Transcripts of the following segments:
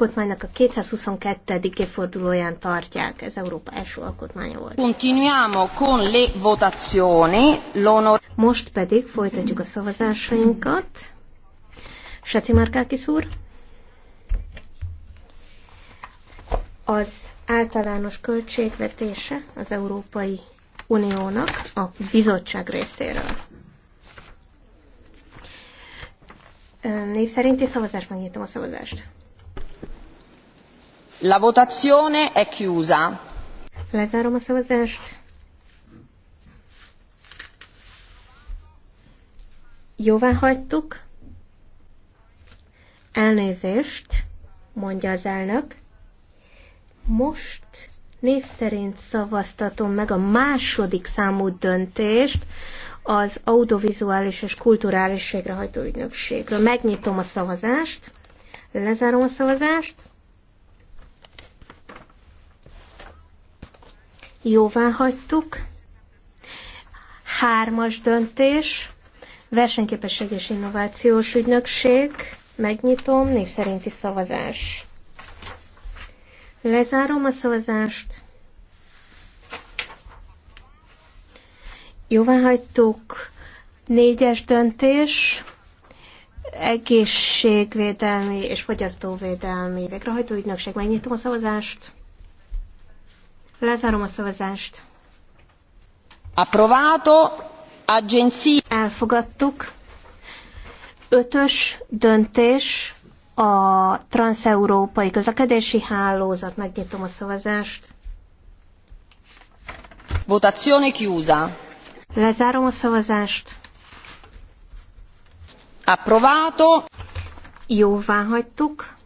alkotmánynak a 222. évfordulóján tartják. Ez Európa első alkotmánya volt. Continuiamo con le votazioni. Most pedig folytatjuk a szavazásainkat. Seci Márkákis úr. Az általános költségvetése az Európai Uniónak a bizottság részéről. Név szerinti szavazást megnyitom a szavazást. La votazione è chiusa. Lezárom a szavazást. Jóvá hagytuk. Elnézést, mondja az elnök. Most név szerint szavaztatom meg a második számú döntést az audiovizuális és kulturális végrehajtó ügynökségről. Megnyitom a szavazást, lezárom a szavazást. Jóvá hagytuk. Hármas döntés, versenyképesség és innovációs ügynökség, megnyitom, név szerinti szavazás. Lezárom a szavazást. Jóvá hagytuk. Négyes döntés, egészségvédelmi és fogyasztóvédelmi végrehajtó ügynökség. Megnyitom a szavazást. Lezárom a szavazást. Approvato. Agenzia. Elfogadtuk. Ötös döntés a transeurópai közlekedési hálózat. Megnyitom a szavazást. Votazione chiusa. Lezárom a szavazást. Approvato. Jóvá hagytuk.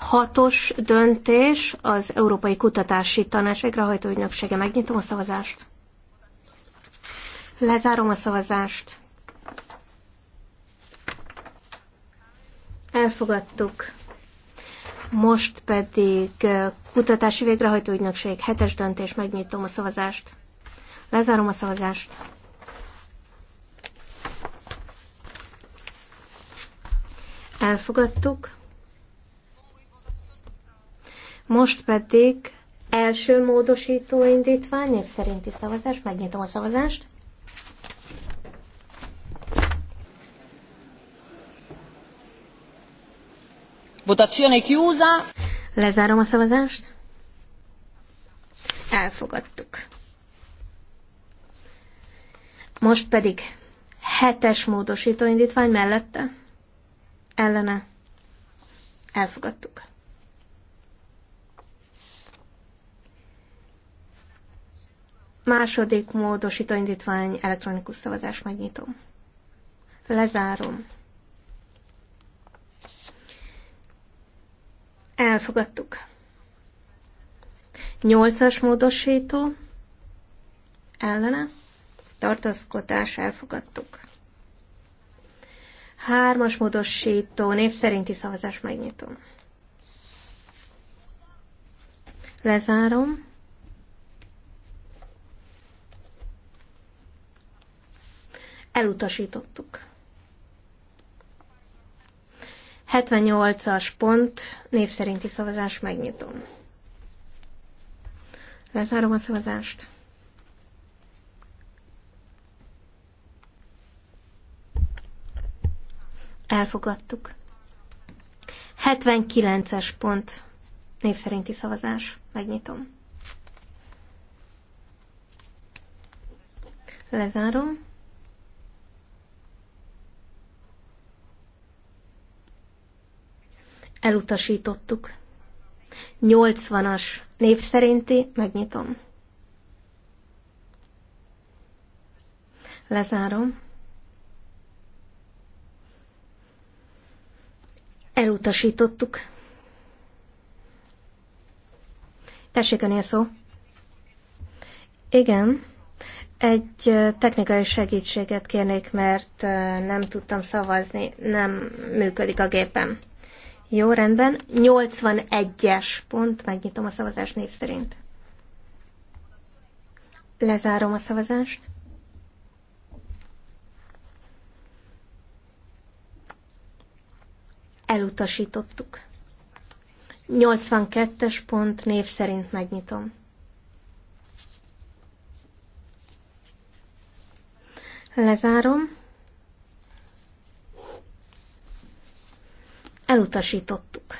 Hatos döntés az Európai Kutatási Tanács végrehajtó ügynöksége. Megnyitom a szavazást. Lezárom a szavazást. Elfogadtuk. Most pedig eh, kutatási végrehajtó ügynökség hetes döntés. Megnyitom a szavazást. Lezárom a szavazást. Elfogadtuk. Most pedig első módosító indítvány, név szerinti szavazás, megnyitom a szavazást. Votazione chiusa. Lezárom a szavazást. Elfogadtuk. Most pedig hetes módosító indítvány mellette. Ellene. Elfogadtuk. Második módosító indítvány, elektronikus szavazás, megnyitom. Lezárom. Elfogadtuk. Nyolcas módosító, ellene, tartózkodás, elfogadtuk. Hármas módosító, név szerinti szavazás, megnyitom. Lezárom. Elutasítottuk. 78-as pont, név szerinti szavazás, megnyitom. Lezárom a szavazást. Elfogadtuk. 79-es pont. Név szerinti szavazás. Megnyitom. Lezárom. Elutasítottuk. 80-as név szerinti, megnyitom. Lezárom. Elutasítottuk. Tessék önél szó. Igen. Egy technikai segítséget kérnék, mert nem tudtam szavazni, nem működik a gépem. Jó, rendben. 81-es pont, megnyitom a szavazást név szerint. Lezárom a szavazást. Elutasítottuk. 82-es pont név szerint megnyitom. Lezárom. Elutasítottuk.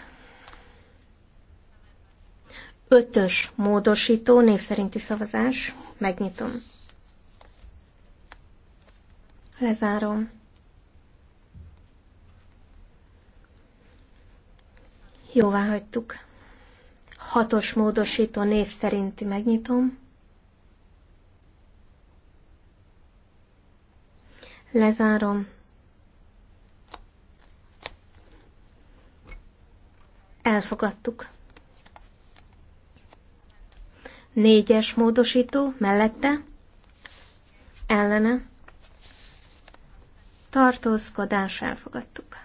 Ötös módosító név szerinti szavazás. Megnyitom. Lezárom. Jóvá hagytuk. Hatos módosító név szerinti megnyitom. Lezárom. Elfogadtuk. Négyes módosító mellette. Ellene. Tartózkodás elfogadtuk.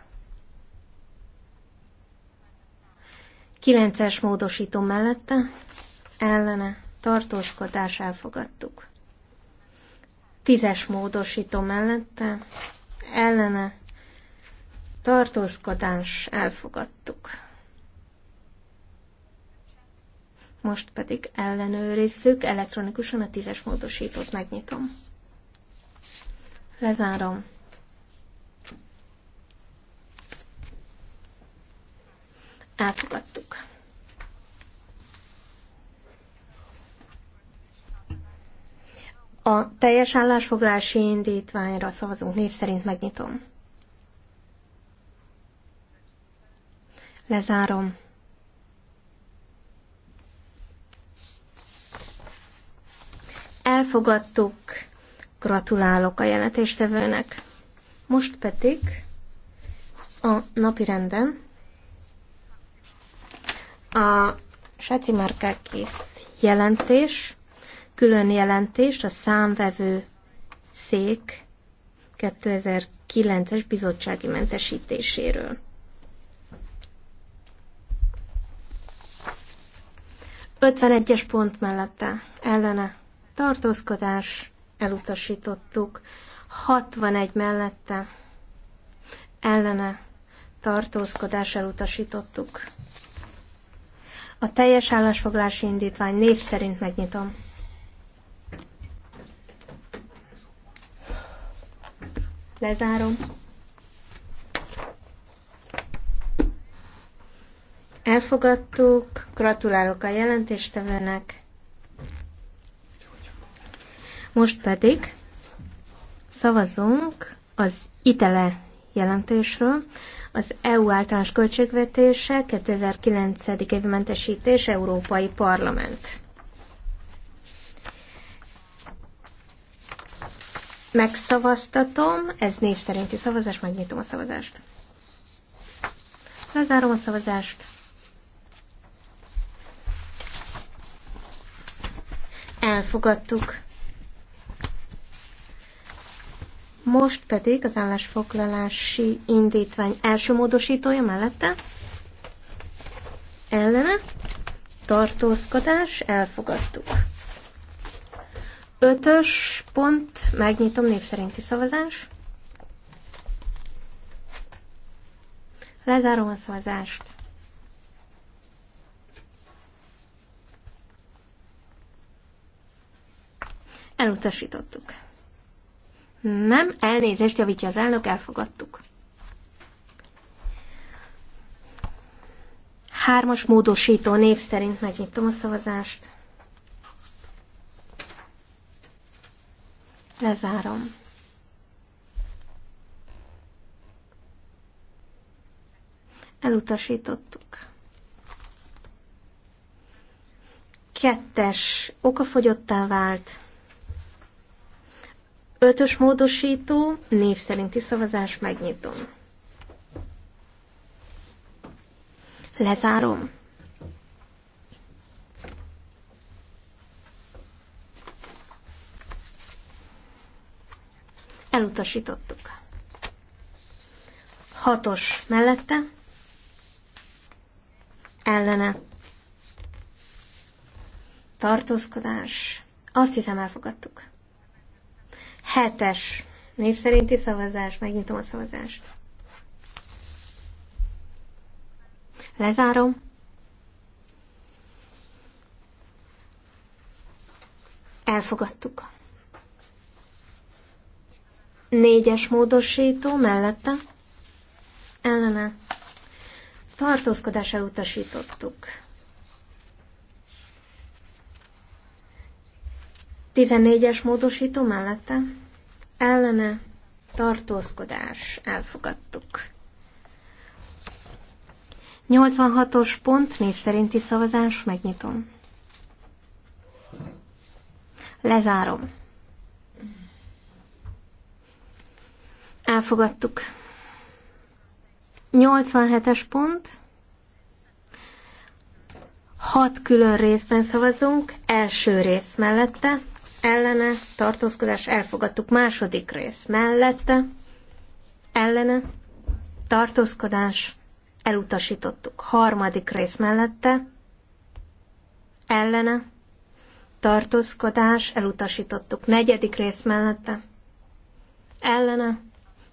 Kilences módosító mellette. Ellene. Tartózkodás elfogadtuk. Tízes módosító mellette. Ellene. Tartózkodás elfogadtuk. Most pedig ellenőrizzük elektronikusan a tízes módosítót. Megnyitom. Lezárom. Elfogadtuk. A teljes állásfoglalási indítványra szavazunk név szerint megnyitom. Lezárom. Elfogadtuk. Gratulálok a jelentéstevőnek. Most pedig a napirenden a Seti Márkákész jelentés, külön jelentés a számvevő szék 2009-es bizottsági mentesítéséről. Ötvenegyes pont mellette, ellene tartózkodás, elutasítottuk. 61 mellette, ellene, tartózkodás, elutasítottuk. A teljes állásfoglási indítvány név szerint megnyitom. Lezárom. Elfogadtuk, gratulálok a jelentéstevőnek. Most pedig szavazunk az itele jelentésről, az EU általános költségvetése 2009. évi mentesítés Európai Parlament. Megszavaztatom, ez név szerinti szavazás, megnyitom a szavazást. Lezárom a szavazást. Elfogadtuk. Most pedig az állásfoglalási indítvány első módosítója mellette ellene tartózkodás elfogadtuk. Ötös pont, megnyitom név szerinti szavazás. Lezárom a szavazást. Elutasítottuk. Nem, elnézést javítja az elnök, elfogadtuk. Hármas módosító név szerint megnyitom a szavazást. Lezárom. Elutasítottuk. Kettes okafogyottá vált. Ötös módosító, név szerinti szavazás, megnyitom. Lezárom. Elutasítottuk. Hatos mellette. Ellene. Tartózkodás. Azt hiszem elfogadtuk. Hetes név szerinti szavazás. Megnyitom a szavazást. Lezárom. Elfogadtuk. Négyes módosító mellette. Ellene. Tartózkodás elutasítottuk. 14-es módosító mellette ellene tartózkodás elfogadtuk. 86-os pont név szerinti szavazás, megnyitom. Lezárom. Elfogadtuk. 87-es pont. Hat külön részben szavazunk. Első rész mellette ellene, tartózkodás, elfogadtuk. Második rész mellette, ellene, tartózkodás, elutasítottuk. Harmadik rész mellette, ellene, tartózkodás, elutasítottuk. Negyedik rész mellette, ellene,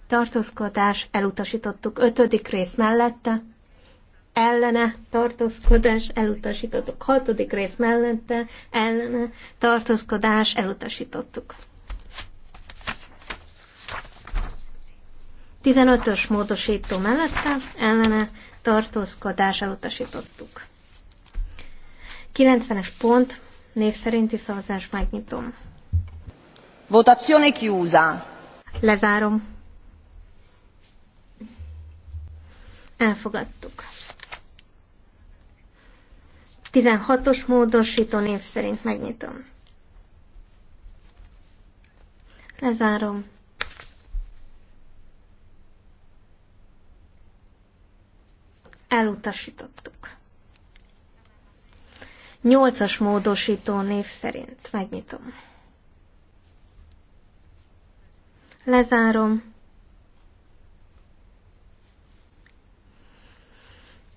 tartózkodás, elutasítottuk. Ötödik rész mellette, ellene tartózkodás elutasítottuk. Hatodik rész mellette ellene tartózkodás elutasítottuk. 15-ös módosító mellette ellene tartózkodás elutasítottuk. 90-es pont, név szerinti szavazás megnyitom. Votazione chiusa. Lezárom. Elfogadtuk. 16-os módosító név szerint megnyitom. Lezárom. Elutasítottuk. 8-as módosító név szerint megnyitom. Lezárom.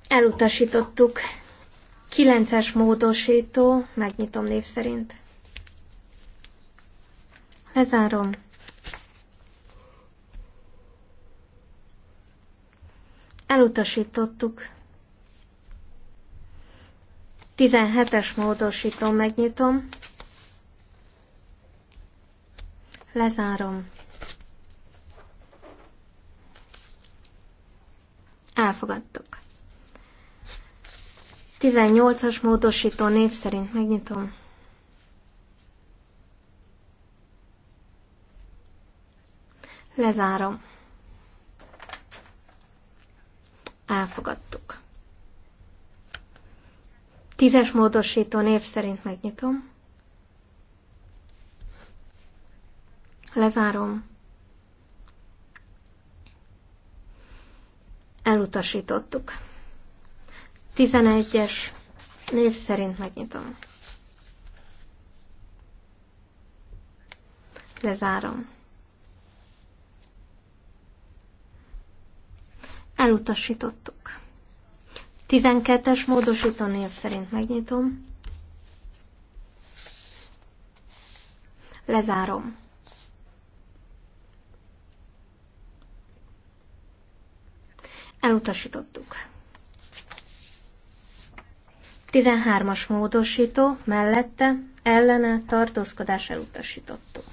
Elutasítottuk. Kilences módosító, megnyitom név szerint. Lezárom. Elutasítottuk. 17-es módosító, megnyitom. Lezárom. Elfogadtuk. 18-as módosító név szerint megnyitom. Lezárom. Elfogadtuk. Tízes módosító név szerint megnyitom. Lezárom. Elutasítottuk. 11-es név szerint megnyitom. Lezárom. Elutasítottuk. 12-es módosító név szerint megnyitom. Lezárom. Elutasítottuk. 13-as módosító mellette ellene tartózkodás elutasítottuk.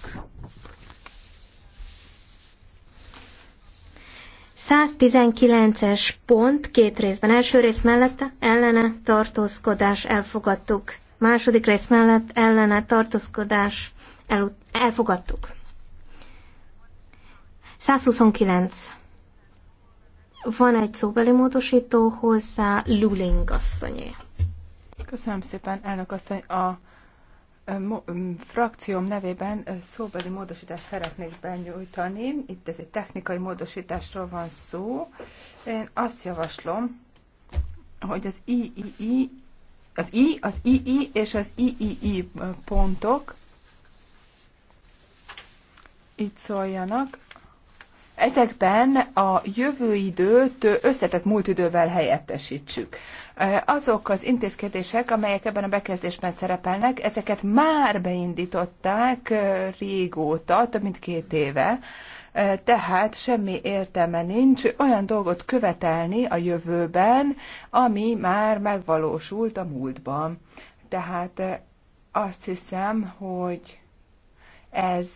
119-es pont két részben. Első rész mellette ellene tartózkodás elfogadtuk. Második rész mellett ellene tartózkodás el, elfogadtuk. 129. Van egy szóbeli módosító hozzá Luling asszonyé. Köszönöm szépen, elnök asszony. A frakcióm nevében szóbeli módosítást szeretnék benyújtani. Itt ez egy technikai módosításról van szó. Én azt javaslom, hogy az III, az I, az II és az III pontok itt szóljanak, ezekben a jövő időt összetett múlt idővel helyettesítsük. Azok az intézkedések, amelyek ebben a bekezdésben szerepelnek, ezeket már beindították régóta, több mint két éve, tehát semmi értelme nincs olyan dolgot követelni a jövőben, ami már megvalósult a múltban. Tehát azt hiszem, hogy ez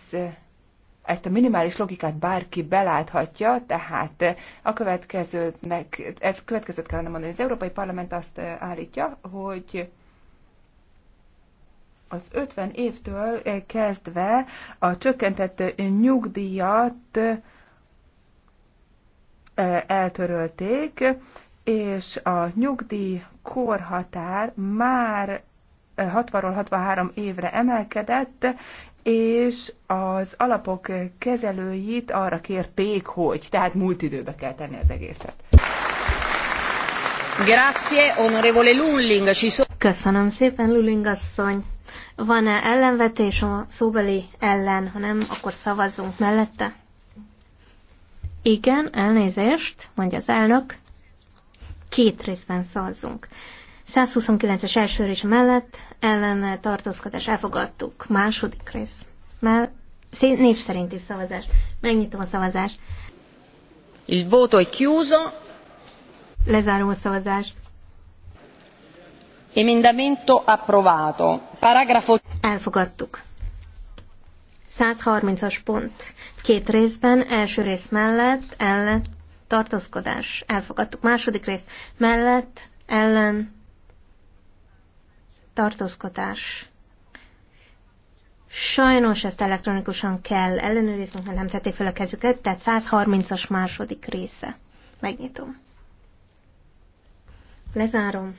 ezt a minimális logikát bárki beláthatja, tehát a következőnek, ezt következőt kellene mondani. Az Európai Parlament azt állítja, hogy az 50 évtől kezdve a csökkentett nyugdíjat eltörölték, és a nyugdíj korhatár már 60 63 évre emelkedett, és az alapok kezelőit arra kérték, hogy, tehát múlt időbe kell tenni az egészet. Grazie, onorevole Lulling. Köszönöm szépen, Lulling asszony. Van-e ellenvetés a szóbeli ellen, ha nem, akkor szavazzunk mellette? Igen, elnézést, mondja az elnök. Két részben szavazzunk. 129-es első rész mellett ellene tartózkodás elfogadtuk. Második rész. Már név szerinti szavazás. Megnyitom a szavazást. Il voto è chiuso. Lezárom a szavazást. Emendamento approvato. Paragrafo... Elfogadtuk. 130-as pont. Két részben, első rész mellett, ellen, tartózkodás. Elfogadtuk. Második rész mellett, ellen, tartózkodás. Sajnos ezt elektronikusan kell ellenőriznünk, mert nem tették fel a kezüket, tehát 130-as második része. Megnyitom. Lezárom.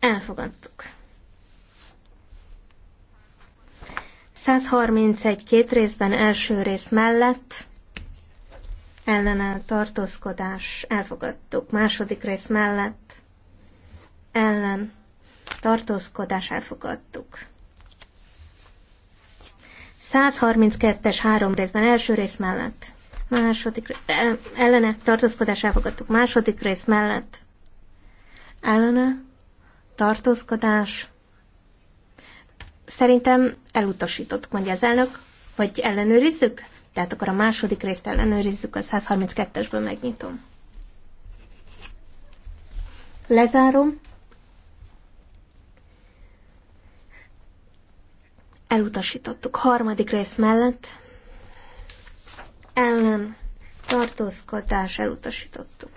Elfogadtuk. 131 két részben első rész mellett ellene tartózkodás elfogadtuk. Második rész mellett ellen tartózkodás elfogadtuk. 132-es három részben első rész mellett második ellene tartózkodás elfogadtuk. Második rész mellett ellene tartózkodás szerintem elutasítottuk, mondja az elnök, vagy ellenőrizzük? Tehát akkor a második részt ellenőrizzük, a 132-esből megnyitom. Lezárom. Elutasítottuk harmadik rész mellett. Ellen tartózkodás elutasítottuk.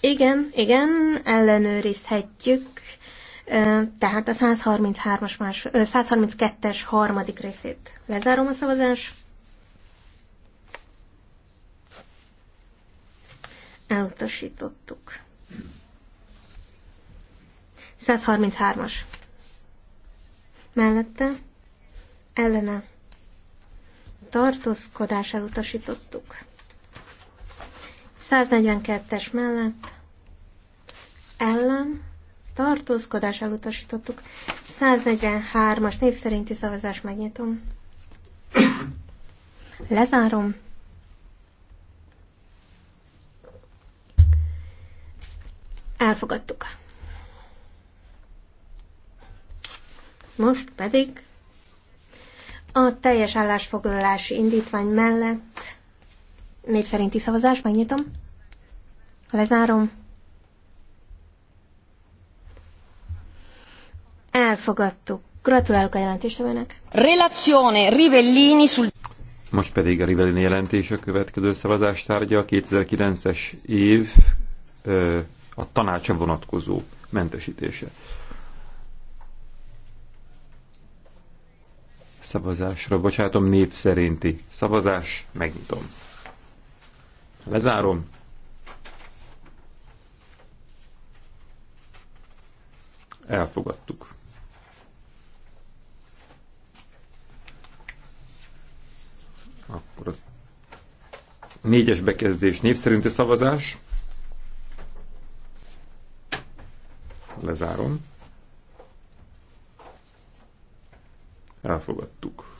Igen, igen, ellenőrizhetjük tehát a 133-as más, 132-es harmadik részét lezárom a szavazás. Elutasítottuk. 133-as. Mellette ellene tartózkodás elutasítottuk. 142-es mellett ellen tartózkodás elutasítottuk. 143-as név szerinti szavazás megnyitom. Lezárom. Elfogadtuk. Most pedig a teljes állásfoglalási indítvány mellett szerinti szavazás, megnyitom, lezárom. Elfogadtuk. Gratulálok a jelentéstevőnek. Relazione Rivellini sul... Most pedig a Rivellini jelentés a következő szavazás tárgya a 2009-es év a tanácsa vonatkozó mentesítése. Szavazásra, bocsátom, nép szerinti szavazás, megnyitom. Lezárom. Elfogadtuk. Akkor az négyes bekezdés név szerinti szavazás. Lezárom. Elfogadtuk.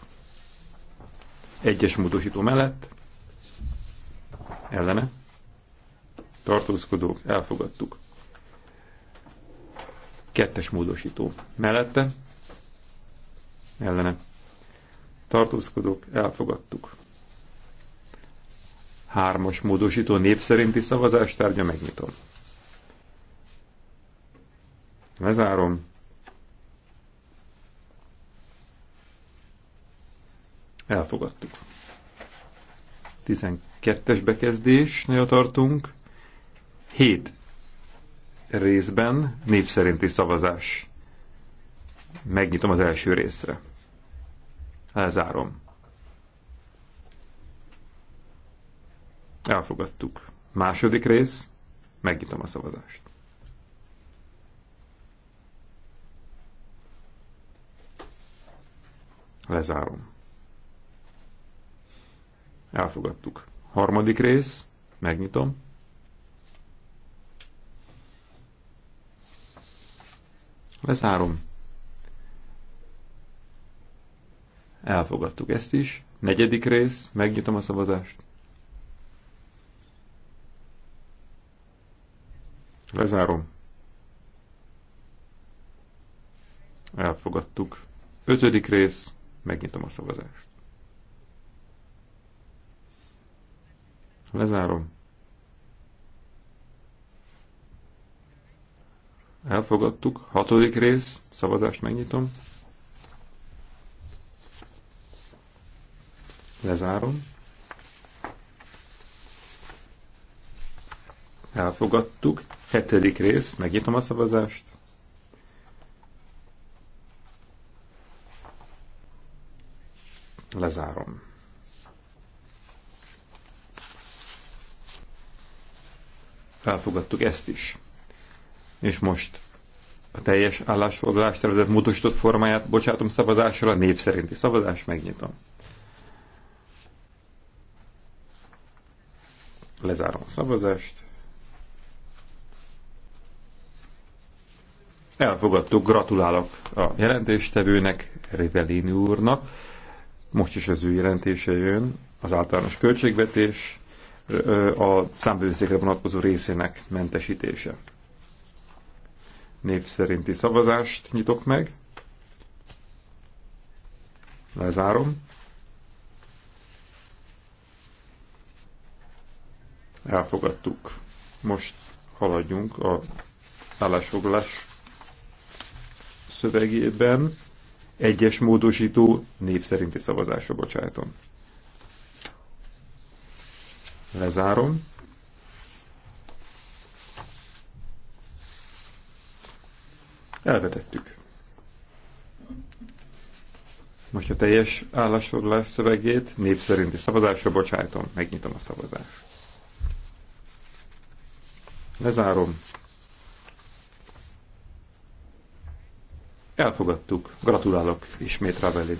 Egyes módosító mellett. Ellene. Tartózkodók. Elfogadtuk. Kettes módosító mellette. Ellene. Tartózkodók. Elfogadtuk Hármas módosító népszerinti szerinti szavazás tárgya megnyitom. Lezárom. Elfogadtuk. 12-es bekezdésnél tartunk. 7 részben népszerinti szavazás. Megnyitom az első részre. Elzárom. Elfogadtuk. Második rész. Megnyitom a szavazást. Lezárom. Elfogadtuk. Harmadik rész. Megnyitom. Lezárom. Elfogadtuk ezt is. Negyedik rész. Megnyitom a szavazást. Lezárom. Elfogadtuk. Ötödik rész. Megnyitom a szavazást. Lezárom. Elfogadtuk. Hatodik rész. Szavazást megnyitom. Lezárom. elfogadtuk. Hetedik rész, megnyitom a szavazást. Lezárom. Elfogadtuk ezt is. És most a teljes állásfoglalás tervezett módosított formáját bocsátom szavazásra, név szerinti szavazás, megnyitom. Lezárom a szavazást. Elfogadtuk, gratulálok a jelentéstevőnek, Rivellini úrnak. Most is az ő jelentése jön, az általános költségvetés, a számbevőszékre vonatkozó részének mentesítése. Név szerinti szavazást nyitok meg. Lezárom. Elfogadtuk. Most haladjunk a állásfoglalás szövegében egyes módosító név szerinti szavazásra bocsájtom. Lezárom. Elvetettük. Most a teljes állásfoglalás szövegét név szerinti szavazásra bocsájtom, megnyitom a szavazást. Lezárom. Elfogadtuk. Gratulálok ismét Ravelli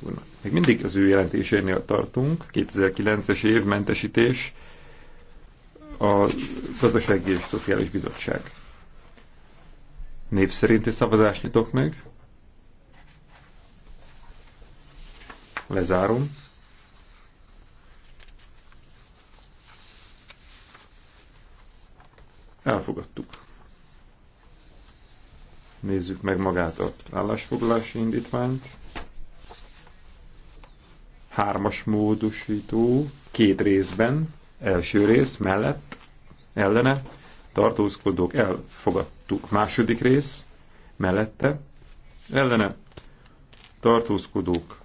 úrnak. Még mindig az ő jelentésénél tartunk. 2009-es év mentesítés a Gazdasági és Szociális Bizottság. Név szerinti szavazást nyitok meg. Lezárom. Elfogadtuk. Nézzük meg magát a állásfoglalási indítványt. Hármas módosító, két részben, első rész mellett, ellene, tartózkodók elfogadtuk. Második rész, mellette, ellene, tartózkodók.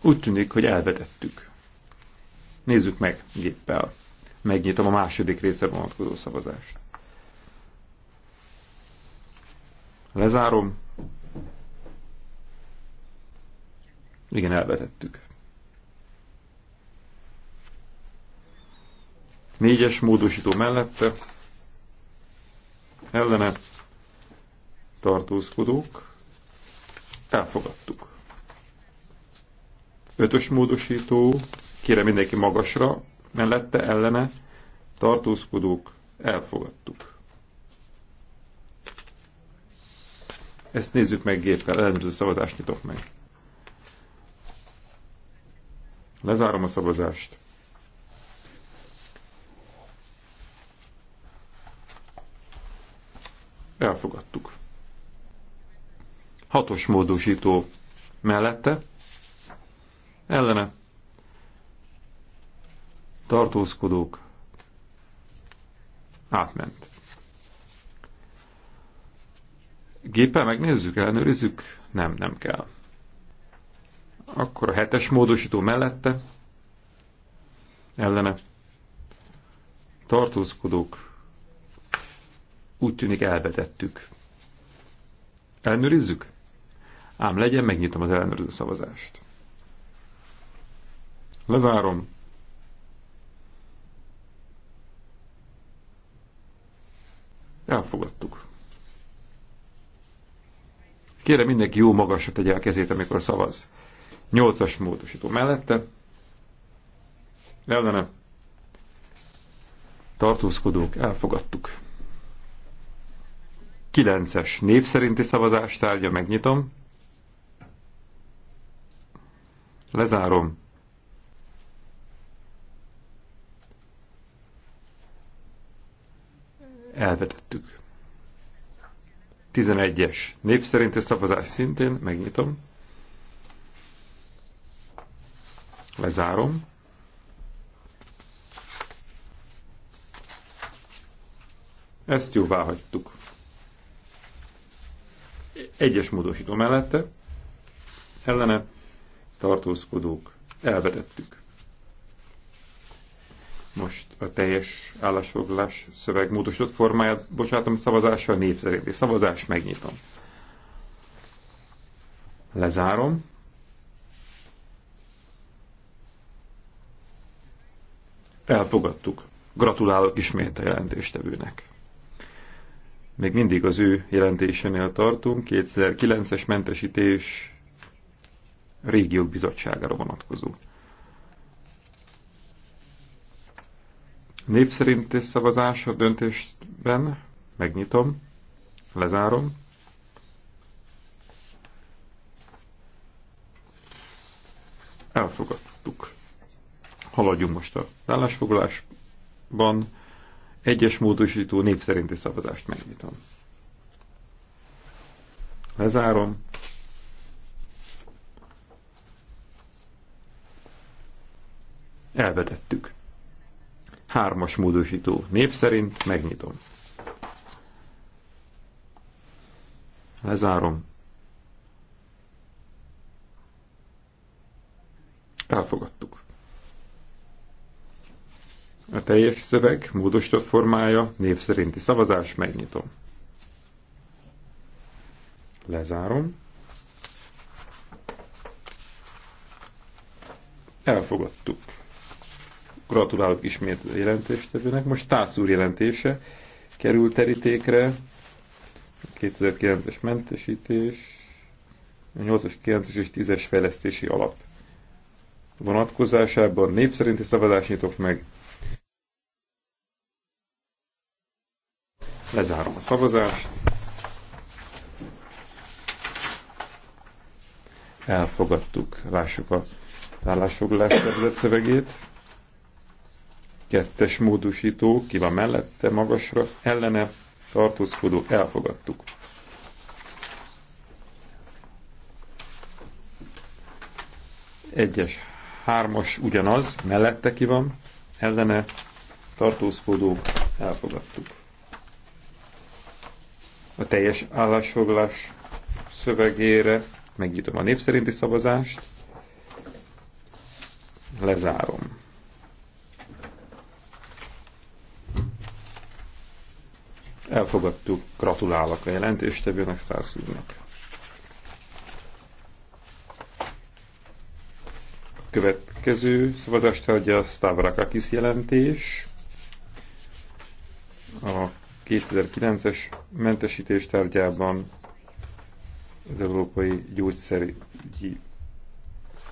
Úgy tűnik, hogy elvetettük. Nézzük meg géppel. Megnyitom a második része vonatkozó szavazást. Lezárom. Igen, elvetettük. Négyes módosító mellette ellene tartózkodók elfogadtuk. Ötös módosító, kérem mindenki magasra, mellette ellene tartózkodók elfogadtuk. Ezt nézzük meg géppel, ellenőrző szavazást nyitok meg. Lezárom a szavazást. Elfogadtuk. Hatos módosító mellette, ellene tartózkodók átment. Géppel megnézzük, ellenőrizzük? Nem, nem kell. Akkor a hetes módosító mellette ellene tartózkodók úgy tűnik elvetettük. Ellenőrizzük? Ám legyen, megnyitom az ellenőrző szavazást. Lezárom. Elfogadtuk. Kérem mindenki jó magasra tegye a kezét, amikor szavaz. Nyolcas módosító mellette. Ellene. Tartózkodók, elfogadtuk. Kilences név szerinti szavazás tárgya, megnyitom. Lezárom. Elvetettük. 11-es. Név szerinti szavazás szintén megnyitom. Lezárom. Ezt jóvá hagytuk. Egyes módosító mellette, ellene tartózkodók elvetettük. Most a teljes állásfoglalás szöveg módosított formáját bocsátom szavazásra, név szerinti szavazás, megnyitom. Lezárom. Elfogadtuk. Gratulálok ismét a jelentéstevőnek. Még mindig az ő jelentésénél tartunk, 2009-es mentesítés régiók bizottságára vonatkozó. Név szerinti szavazás a döntésben. Megnyitom. Lezárom. Elfogadtuk. Haladjunk most a állásfoglalásban. Egyes módosító név szerinti szavazást megnyitom. Lezárom. Elvetettük. Hármas módosító. Név szerint megnyitom. Lezárom. Elfogadtuk. A teljes szöveg módosított formája, név szerinti szavazás, megnyitom. Lezárom. Elfogadtuk. Gratulálok ismét a jelentéstevőnek. Most Tász úr jelentése került terítékre. 2009-es mentesítés, 8-as, 9-es és 10-es fejlesztési alap vonatkozásában név szerinti szavazást nyitok meg. Lezárom a szavazást. Elfogadtuk, lássuk a állásfoglalás szövegét. Kettes módosító, ki van mellette, magasra, ellene, tartózkodó, elfogadtuk. Egyes, hármas ugyanaz, mellette ki van, ellene, tartózkodó, elfogadtuk. A teljes állásfoglalás szövegére megnyitom a népszerinti szavazást, lezárom. Elfogadtuk, gratulálok a jelentéstevőnek, Stász úrnak. A következő szavazást adja a Stavrakakis jelentés. A 2009-es mentesítés tárgyában az Európai Gyógyszerügyi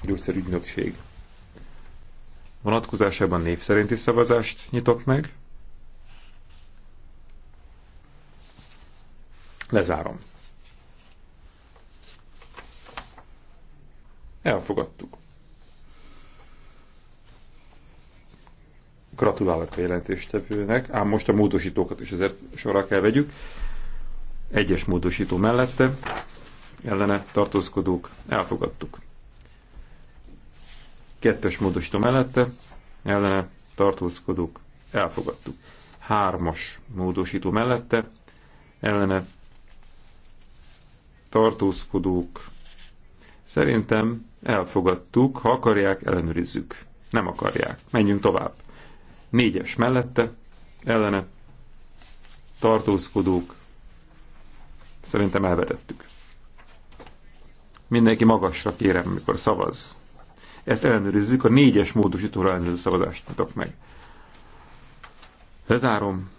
Gyógyszerügynökség vonatkozásában név szerinti szavazást nyitok meg. Lezárom. Elfogadtuk. Gratulálok a jelentéstevőnek, ám most a módosítókat is ezért sorra kell vegyük. Egyes módosító mellette ellene tartózkodók elfogadtuk. Kettes módosító mellette ellene tartózkodók elfogadtuk. Hármas módosító mellette ellene tartózkodók. Szerintem elfogadtuk, ha akarják, ellenőrizzük. Nem akarják. Menjünk tovább. Négyes mellette, ellene, tartózkodók. Szerintem elvetettük. Mindenki magasra kérem, mikor szavaz. Ezt ellenőrizzük, a négyes módosítóra ellenőrző szavazást nyitok meg. Lezárom.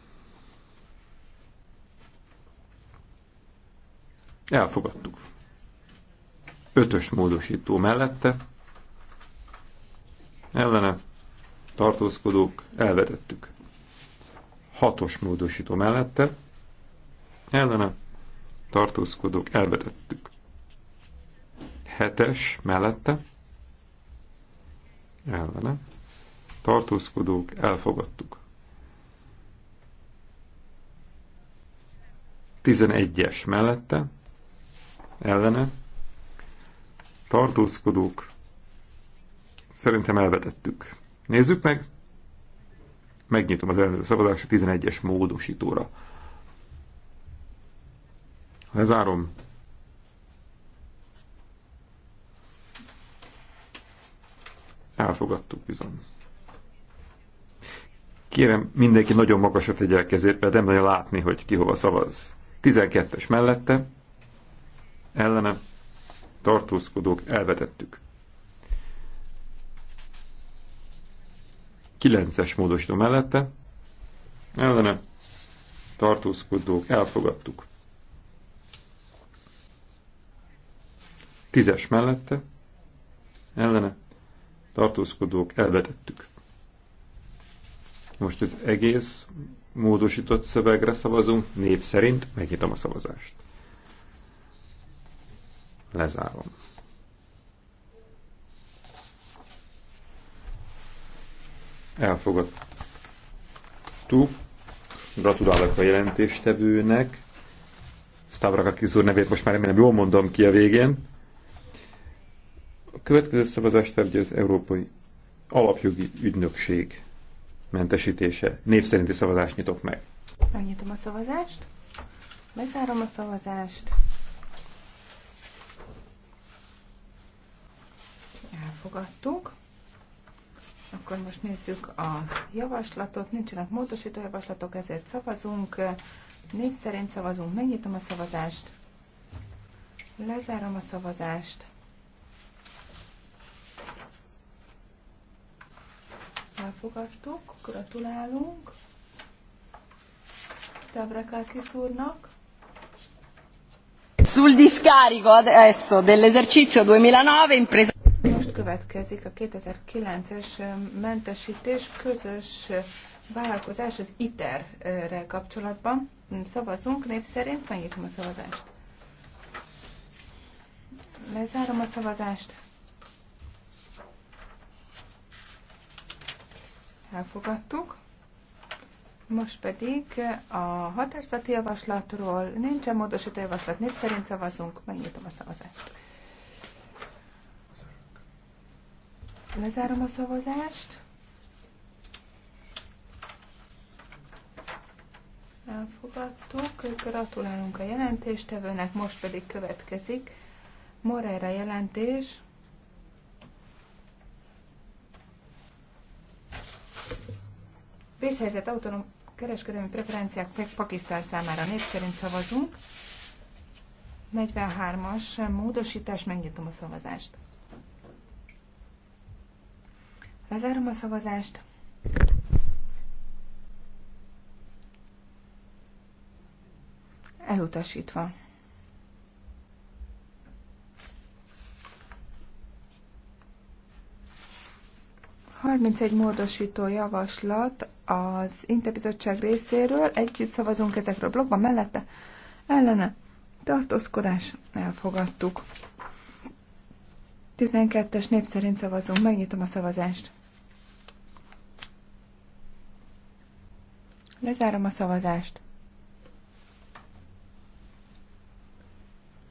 Elfogadtuk. Ötös módosító mellette, ellene tartózkodók elvetettük. Hatos módosító mellette, ellene tartózkodók elvetettük. Hetes mellette, ellene tartózkodók elfogadtuk. Tizenegyes mellette, ellene tartózkodók szerintem elvetettük. Nézzük meg. Megnyitom az előző szabadás a 11-es módosítóra. Lezárom. Elfogadtuk bizony. Kérem, mindenki nagyon magasra tegye a kezét, mert nem nagyon látni, hogy ki hova szavaz. 12-es mellette, ellene tartózkodók elvetettük. 9-es módosító mellette ellene tartózkodók elfogadtuk. 10-es mellette ellene tartózkodók elvetettük. Most az egész módosított szövegre szavazunk, név szerint megnyitom a szavazást. Lezárom. Elfogadtuk. Gratulálok a jelentéstevőnek. Stavrakakis úr nevét most már remélem jól mondom ki a végén. A következő szavazás tárgya az Európai Alapjogi Ügynökség mentesítése. Név szerinti szavazást nyitok meg. Megnyitom a szavazást. Bezárom a szavazást. Elfogadtuk. Akkor most nézzük a javaslatot. Nincsenek módosító javaslatok, ezért szavazunk. Név szerint szavazunk. Megnyitom a szavazást. Lezárom a szavazást. Elfogadtuk. Gratulálunk. Stavrakakis úrnak. Sul discarico adesso dell'esercizio 2009 impresa következik a 2009-es mentesítés közös vállalkozás az ITER-rel kapcsolatban. Hm, szavazunk név szerint, megnyitom a szavazást. Lezárom a szavazást. Elfogadtuk. Most pedig a határozati javaslatról nincsen módosító javaslat, név szerint szavazunk, megnyitom a szavazást. Lezárom a szavazást. Elfogadtuk. Gratulálunk a jelentéstevőnek, most pedig következik Morera jelentés. Vészhelyzet autonóm kereskedelmi preferenciák Pakisztán számára név szerint szavazunk. 43-as módosítás, megnyitom a szavazást. Lezárom a szavazást. Elutasítva. egy módosító javaslat az Interbizottság részéről. Együtt szavazunk ezekről blogban mellette. Ellene. Tartózkodás. Elfogadtuk. 12-es név szerint szavazunk. Megnyitom a szavazást. Lezárom a szavazást.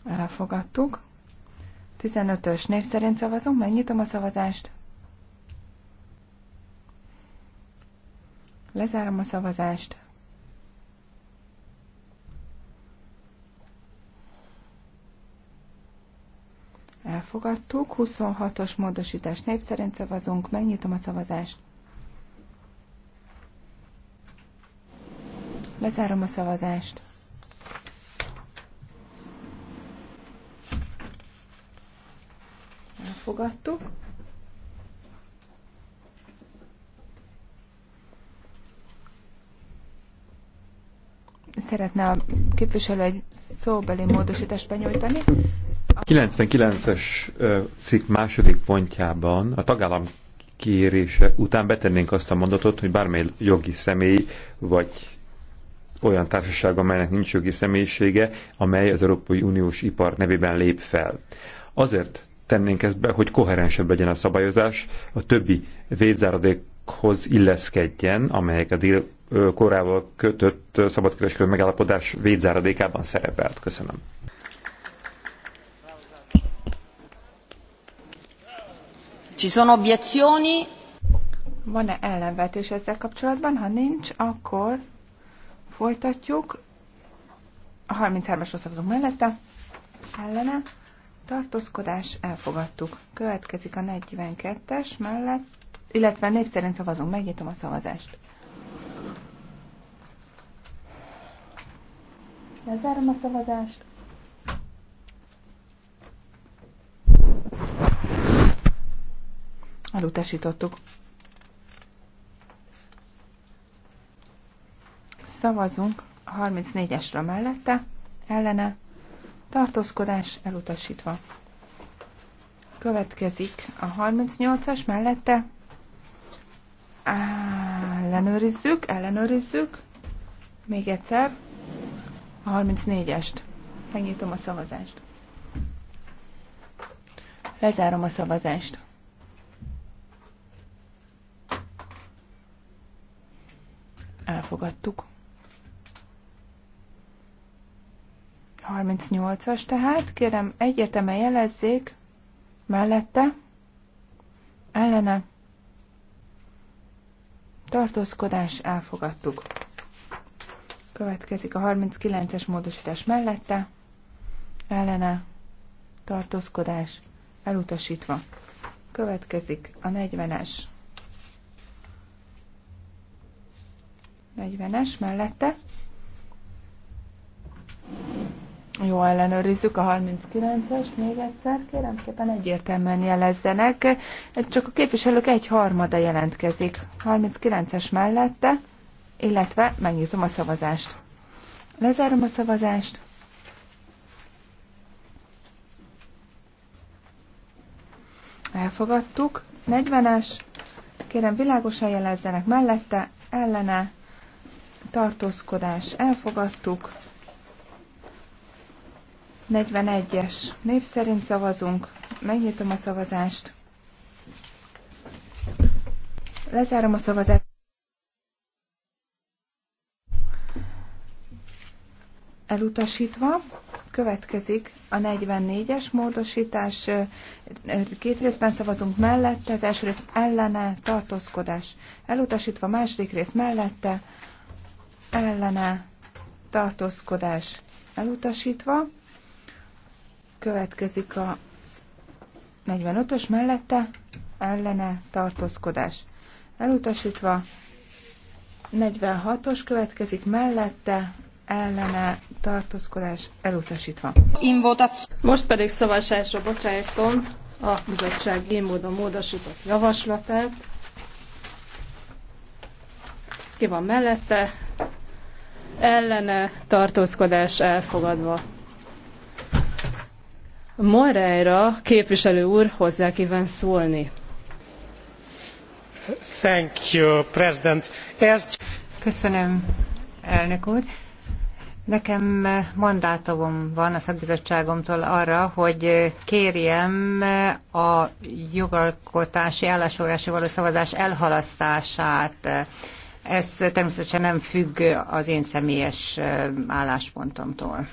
Elfogadtuk. 15-ös név szerint szavazunk. Megnyitom a szavazást. Lezárom a szavazást. elfogadtuk. 26-os módosítás név szerint szavazunk, megnyitom a szavazást. Lezárom a szavazást. Elfogadtuk. Szeretne a képviselő egy szóbeli módosítást benyújtani. 99-es cikk második pontjában a tagállam kérése után betennénk azt a mondatot, hogy bármely jogi személy vagy olyan társaság, amelynek nincs jogi személyisége, amely az Európai Uniós ipar nevében lép fel. Azért tennénk ezt be, hogy koherensebb legyen a szabályozás, a többi védzáradékhoz illeszkedjen, amelyek a dél korával kötött szabadkereskedő megállapodás védzáradékában szerepelt. Köszönöm. Ci sono obiezioni? Van-e ellenvetés ezzel kapcsolatban? Ha nincs, akkor folytatjuk. A 33 as szavazunk mellette. Ellene. Tartózkodás. Elfogadtuk. Következik a 42-es mellett, illetve név szerint szavazunk. Megnyitom a szavazást. Lezárom a szavazást. Elutasítottuk. Szavazunk 34-esre mellette, ellene, tartózkodás elutasítva. Következik a 38-as mellette, ellenőrizzük, ellenőrizzük, még egyszer, a 34-est. Megnyitom a szavazást. Lezárom a szavazást. Elfogadtuk. 38-as tehát, kérem egyértelműen jelezzék mellette, ellene, tartózkodás, elfogadtuk. Következik a 39-es módosítás mellette, ellene, tartózkodás, elutasítva. Következik a 40-es 40-es mellette. Jó, ellenőrizzük a 39-es, még egyszer, kérem szépen egyértelműen jelezzenek. Csak a képviselők egy harmada jelentkezik. 39-es mellette, illetve megnyitom a szavazást. Lezárom a szavazást. Elfogadtuk. 40-es. Kérem világosan jelezzenek mellette, ellene, tartózkodás elfogadtuk. 41-es név szerint szavazunk. Megnyitom a szavazást. Lezárom a szavazást. Elutasítva következik a 44-es módosítás. Két részben szavazunk mellette, az első rész ellene tartózkodás. Elutasítva második rész mellette ellene tartózkodás elutasítva. Következik a 45-ös mellette ellene tartózkodás elutasítva. 46-os következik mellette ellene tartózkodás elutasítva. Most pedig szavazásra bocsájtom a bizottság én módon módosított javaslatát. Ki van mellette? ellene tartózkodás elfogadva. Moreira képviselő úr hozzá kíván szólni. Thank you, President. Ez... Köszönöm, elnök úr. Nekem mandátumom van a szakbizottságomtól arra, hogy kérjem a jogalkotási állásfoglalásra való szavazás elhalasztását. Ez természetesen nem függ az én személyes álláspontomtól.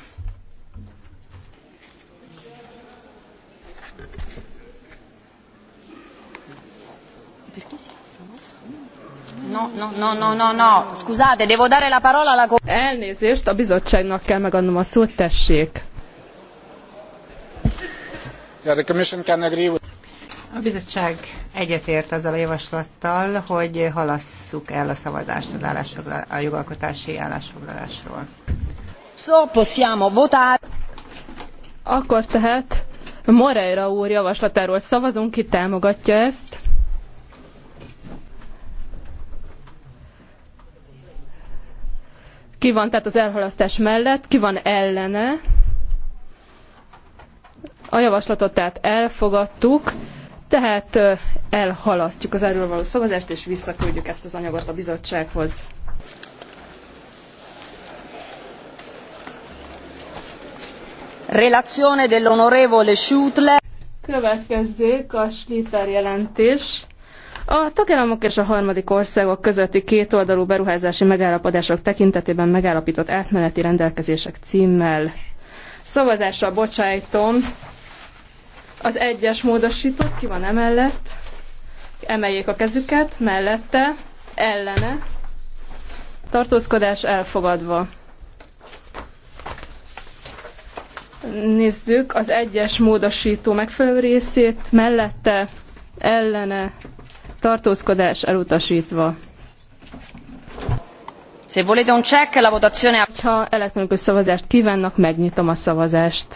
No, no, no, no, no, no. Scusate, devo dare la parola alla... Elnézést, a bizottságnak kell megadnom a szót, tessék. Yeah, the commission can agree with... A bizottság egyetért azzal a javaslattal, hogy halasszuk el a szavazást az a jogalkotási állásfoglalásról. So possiamo votare. Akkor tehát Moreira úr javaslatáról szavazunk, ki támogatja ezt. Ki van tehát az elhalasztás mellett, ki van ellene. A javaslatot tehát elfogadtuk. Tehát elhalasztjuk az erről való szavazást, és visszaküldjük ezt az anyagot a bizottsághoz. Relazione dell'onorevole Schutler. Következzék a Schlitter jelentés. A tagállamok és a harmadik országok közötti kétoldalú beruházási megállapodások tekintetében megállapított átmeneti rendelkezések címmel. Szavazásra bocsájtom az egyes módosított, ki van emellett? Emeljék a kezüket, mellette, ellene. Tartózkodás elfogadva. Nézzük az egyes módosító megfelelő részét, mellette, ellene, tartózkodás elutasítva. Se volete un check, la votazione... Ha elektronikus szavazást kívánnak, megnyitom a szavazást.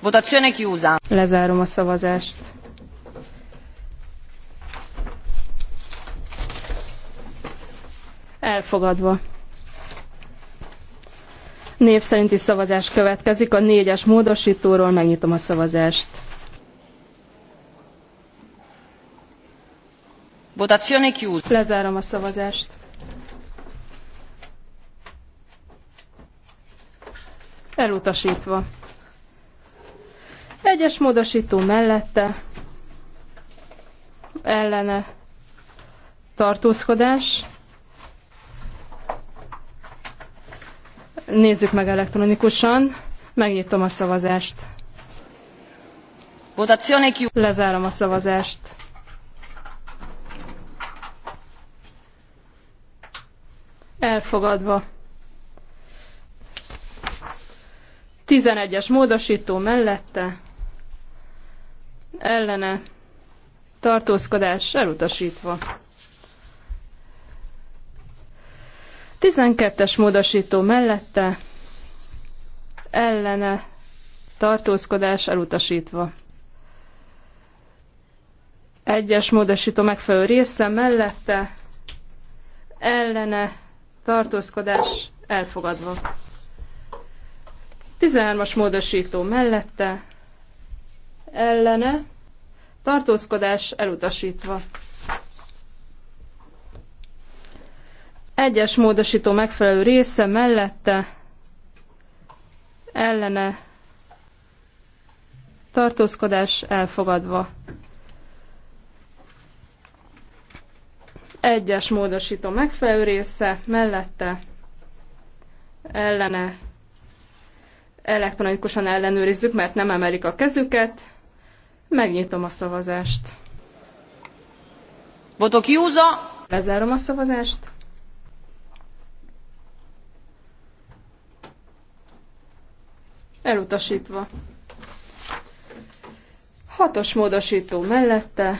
Votazione chiusa. Lezárom a szavazást. Elfogadva. Név szerinti szavazás következik. A négyes módosítóról megnyitom a szavazást. Votazione chiusa. Lezárom a szavazást. Elutasítva. Egyes módosító mellette ellene tartózkodás. Nézzük meg elektronikusan. Megnyitom a szavazást. Lezárom a szavazást. Elfogadva. 11-es módosító mellette ellene tartózkodás elutasítva. 12-es módosító mellette ellene tartózkodás elutasítva. Egyes módosító megfelelő része mellette ellene tartózkodás elfogadva. 13-as módosító mellette ellene, tartózkodás elutasítva. Egyes módosító megfelelő része mellette, ellene, tartózkodás elfogadva. Egyes módosító megfelelő része mellette, ellene, elektronikusan ellenőrizzük, mert nem emelik a kezüket. Megnyitom a szavazást. Voto Júza Lezárom a szavazást. Elutasítva. Hatos módosító mellette,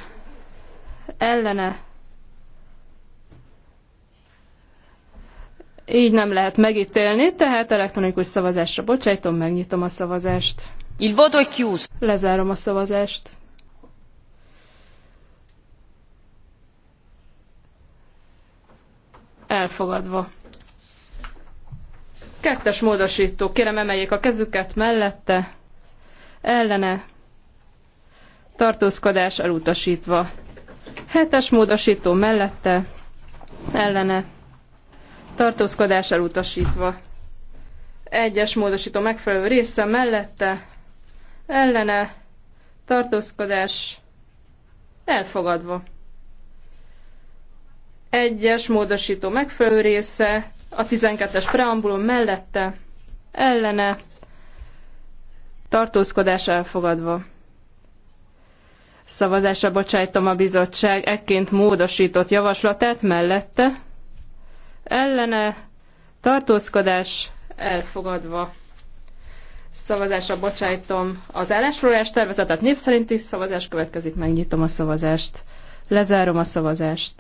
ellene. Így nem lehet megítélni, tehát elektronikus szavazásra bocsájtom, megnyitom a szavazást. Il voto è chiuso. Lezárom a szavazást. Elfogadva. Kettes módosító. Kérem emeljék a kezüket mellette. Ellene. Tartózkodás elutasítva. Hetes módosító mellette. Ellene. Tartózkodás elutasítva. Egyes módosító megfelelő része mellette ellene tartózkodás elfogadva. Egyes módosító megfelelő része, a 12-es preambulum mellette, ellene tartózkodás elfogadva. Szavazásra bocsájtom a bizottság ekként módosított javaslatát mellette, ellene tartózkodás elfogadva. Szavazásra bocsájtom az állásfoglalás tervezetet. Név szerinti szavazás következik, megnyitom a szavazást. Lezárom a szavazást.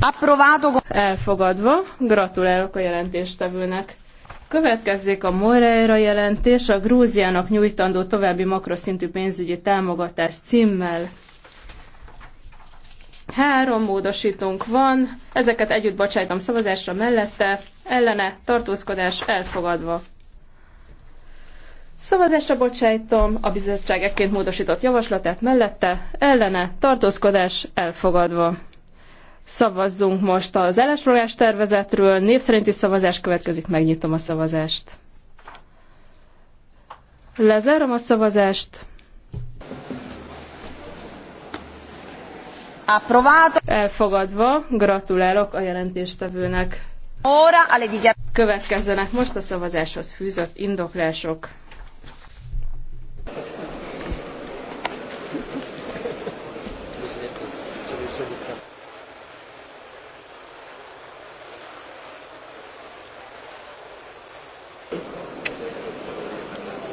Approvato. Elfogadva. Gratulálok a jelentéstevőnek. Következzék a Moreira jelentés a Grúziának nyújtandó további makroszintű pénzügyi támogatás címmel. Három módosítónk van, ezeket együtt bocsájtom szavazásra mellette, ellene tartózkodás elfogadva. Szavazásra bocsájtom a bizottság ekként módosított javaslatát mellette, ellene tartózkodás elfogadva. Szavazzunk most az állásfoglalás tervezetről, név szerinti szavazás következik, megnyitom a szavazást. Lezárom a szavazást. Approvato. Elfogadva, gratulálok a jelentéstevőnek. Ora alle Következzenek most a szavazáshoz fűzött indoklások.